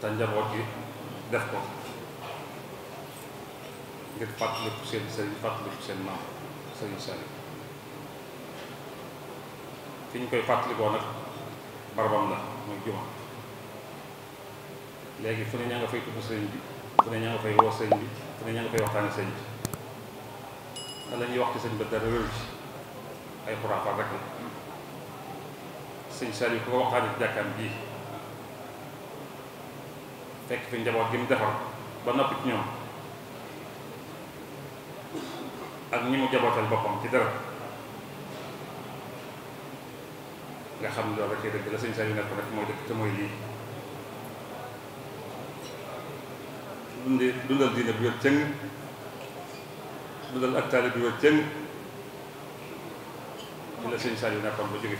te njaboot yi def ko ngir fàttaliku seen sëriñ fàttaliku seen maam sëriñ Saliou fi ñu koy fàttalikoo nag barabam la muy juma léegi fu ne ñaa nga fay tudd sëriñ bi fu ne ña nga fay woo sëriñ bi fu ne ña nga fay waxtaane sëriñ bi te ñuy wax ci sëñ dara wéru ci ay xuraafaat rek la sëñ Saliou ku ko waxtaane ci jàkkaam fekk fi njaboot gi mu defar ba noppi ci ñoom ak ñi mu jabootal boppam ci dara nga xam loolu rek bi la sëñ saa yu nekk mooy def te mooy lii dundi dundal diine bu wér cëng dundal ak taali bu wér cëng di la sëñ saa yu nekkoon ba jóge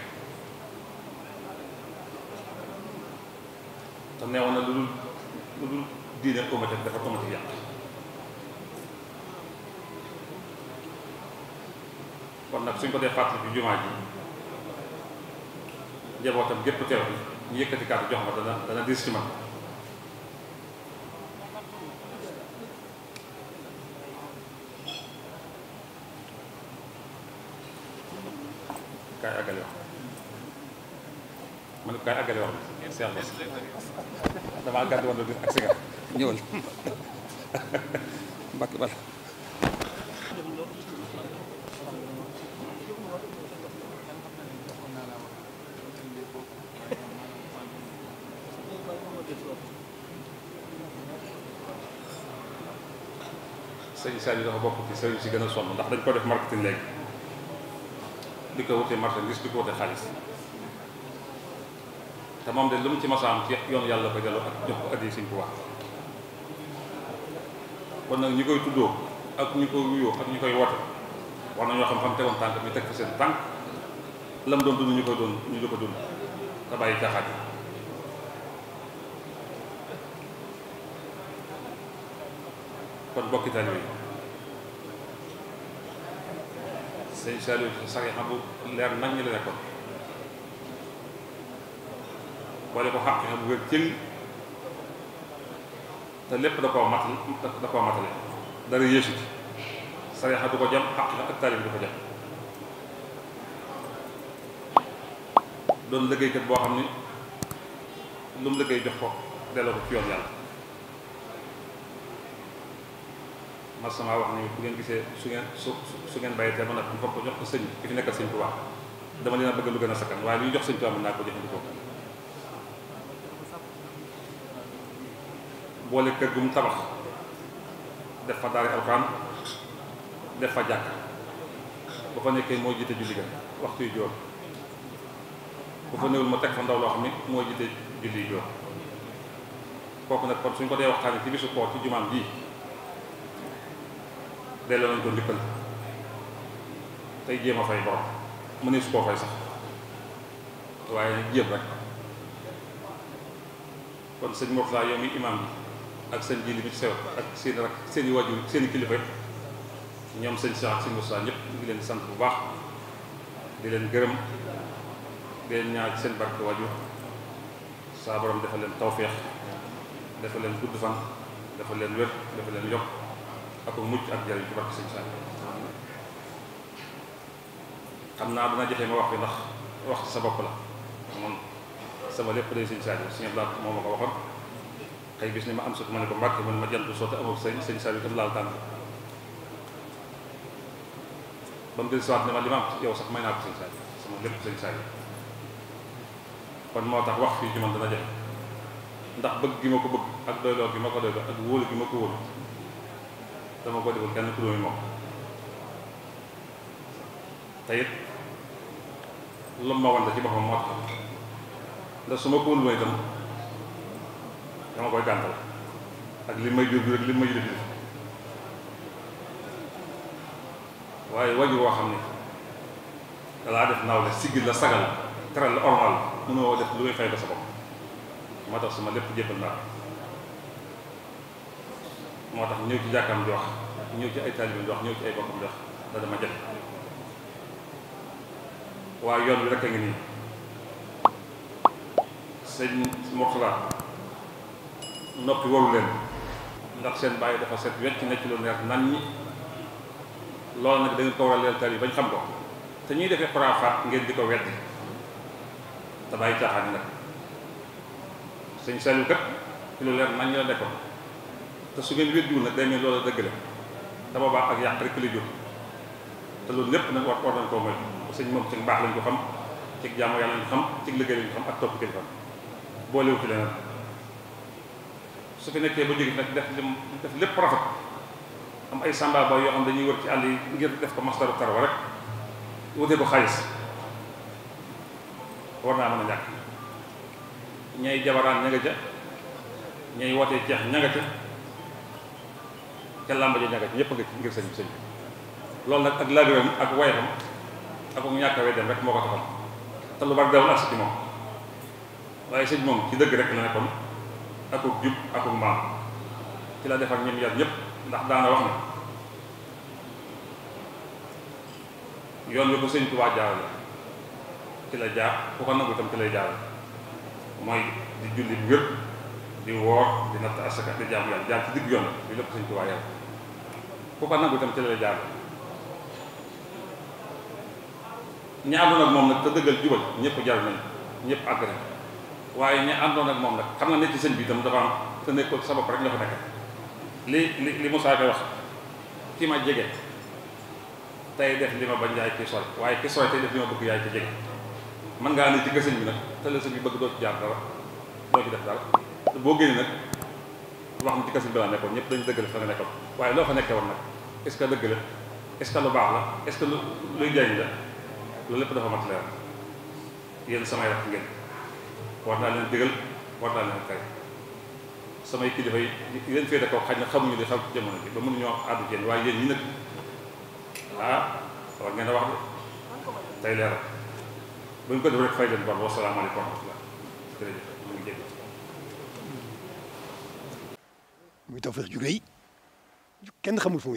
te neewoon na lu diine automatique dafa automatique yàq kon nag suñ ko dee fàttali bi jumaa ji njabootam gépp teew bi ñu yëkkati kàddu jox ma dana dana diis ci man kaay àggale wax man kaay àggale wax Cheikh Bass damaa gàddu woon di ak sigar ñëwal mbakki bala sëñ Sadio dafa bokk ci sëriñ si gën a sonn ndax dañ ko def marketing léegi di ko wutee marché gis di ko wutee xaalis te moom de lu mu ci masaam ci yoon yàlla ko delloo ak jox ko addi Sëñ Tuubaa kon nag ñi koy tuddoo ak ñi koy wuyoo ak ñi koy woote war nañoo xam-xam tegoon tànk ñu teg fa seen tànk lam doon dund ñu koy doon ñu di ko dund te bàyyi caaxaat yi kon bokki taalibe yi sëñ Saliou yi xam leer nag ñu la nekkoon boole ko xàq bu wér cëng te lépp da ko matal da koo matale dara yéesu ci sarixa du ko jam la ak taalib du ko jam doon liggéeykat boo xam ni lu mu liggéey jox ko delloo ko ci yoon yàlla mas sama wax ni bu ngeen gisee su ngeen su su ngeen bàyyee te mën a foog ko jox ko sëñ ki fi sëñ bu baax dama leen bëgg lu gën a sakkan waaye lu ñu jox sëñ tubaab mën naa ko jëfandikoo boole kër gu mu tabax def fa daara alxuraan def fa jàkk ba fa nekkee mooy jiite julli ga waxtu joor bu fa newul ma teg fa ndaw loo xam ne moo jiite julli joor kooku nag kon suñ ko dee waxtaanee ci bisu koor ci jumaam ji delloo nañ ko ndikkal tey jéem a fay borom mu ne su koo fay sax waaye jéem rek kon sëñ Mourtala yow mi imaam bi ak seen ji li sew ak seen rak seen i wajur seen i ñoom sëñ Cheikh ak sëñ Moussa ñëpp ñu ngi leen sant bu baax di leen gërëm di leen ñaar seen barke wajur saa borom dafa leen tawféex dafa leen gudd fan defal leen wér dafa leen yokk ak mucc ak jariñ ci barke sëñ Cheikh xam naa dina jafe ma wax bi ndax wax sa bopp la moom sama lépp day sëñ Cheikh bi sëñ Abdou moom ma waxoon tey bis ni ma am sut ma ne ko mbàkke man ma jantu sotti amul sëñ sëñ Saliou daf laal tànk ba mu dellusiwaat ne ma li ma am yow sax may naa ko sëñ Saliou sama lépp sañ Saliou kon moo tax wax fii ci man dana ndax bëgg gi ma ko bëgg ak doyloo gi ma ko doyloo ak wóolu gi ma ko wóolu dama ko defal kenn ku doomi moom te it lu ma wante ci boppam moo tax ndax su ma ko wóolu ma itam dama koy gàntal ak li may jóg rek waaye wajur woo xam ne dalaa def naaw la sigil la sagal la teral la ormal la mënoo def lu may fay ko moo tax sama lépp jébbal naa moo tax ñëw ci jàkkaam di wax ñëw ci ay taalibeem di wax ñëw ci ay bokkam di wax da dama jël waaye yoon bi rek a ngi nii sëñ Mourtala noppi waru leen ndax seen bàyyi dafa set wecc ne ci lu nan ñi loolu nag da ko war a leel tar yi bañ xam ko te ñuy defee xuraafaat ngeen di ko weddi te bàyyi caaxaan nag sëñ Saliou kat ci lu leer nañ la nekkoon te su ngeen weddiwul nag day mel loolu dëgg la te baax ak yàq rek li te loolu lépp nag war war nañ koo moytu sëñ moom ci baax lañ ko xam ci jaamu yàlla lañ xam ci liggéey lañ ko xam ak topp kilifa boo leew ci leneen su fi nekkee ba jóge nag def lim def lépp rafet am ay samba boy yoo xam dañuy wër ci àll yi ngir def ko masdaru tarwa rek wutee ko xaalis war naa mën a ñàkk ñay jabaraan ña ca ñay wootee ceex ña ca ca làmba ja ca ñëpp ngi ci ngir sëñ bi loolu nag ak laabiram ak wayram ak ak um ñàkk a dem rek moo ko taxal te lu bari dawul ak ci moom waaye sëñ moom ci dëgg rek la nekkoon akuk jub akuk maam ci la def ak ñun yar yépp ndax daana wax ne yoon wi ko sëñ Tuubaa jaarale ci la jaar ku ko nangu itam ci lay jaarale mooy di di woor di natt asaka di jaamu yàlla lépp sëñ Tuubaa yàlla ku ko ci la lay jaarale ñi àndoon ak moom nag te dëggal jubal ñëpp jar nañ ñëpp àgg waaye ña àndoon ak moom nag xam nga ne ci sëñ bii itam dafa am te nekkul sa bopp rek ñoo fa nekk li li li Moussa Ka wax ki ma jege tey def li ma bañ yaay ci sooy waaye ki sooy tey def li ma bëgg yaay ci jege mën ngaa ne ci gësëñ bi nag te la sëñ bi bëgg doo ci jaar dara doo ci def dara te boo génnee nag loo xam ci gësëñ bi laa nekkoon ñëpp dañu dëgg la fa nga nekkoon waaye loo fa nekkee woon nag est ce que dëgg la est ce lu baax la est ce que lu luy jariñ la loolu lépp dafa ma leer yéen samay war naa leen digal war naa leen tay samay kilifa yi leen ko xaj na xamuñu li xew ci jamono bi ba mënuñoo àddu jéen waaye yéen ñi nag ah war ngeen a wax de tey leeral bu ñu ko def rek fay leen bor wasalaamaaleykum wa rahmatulah jërëjëf mu ngi jéggi muy kenn xamul fu mu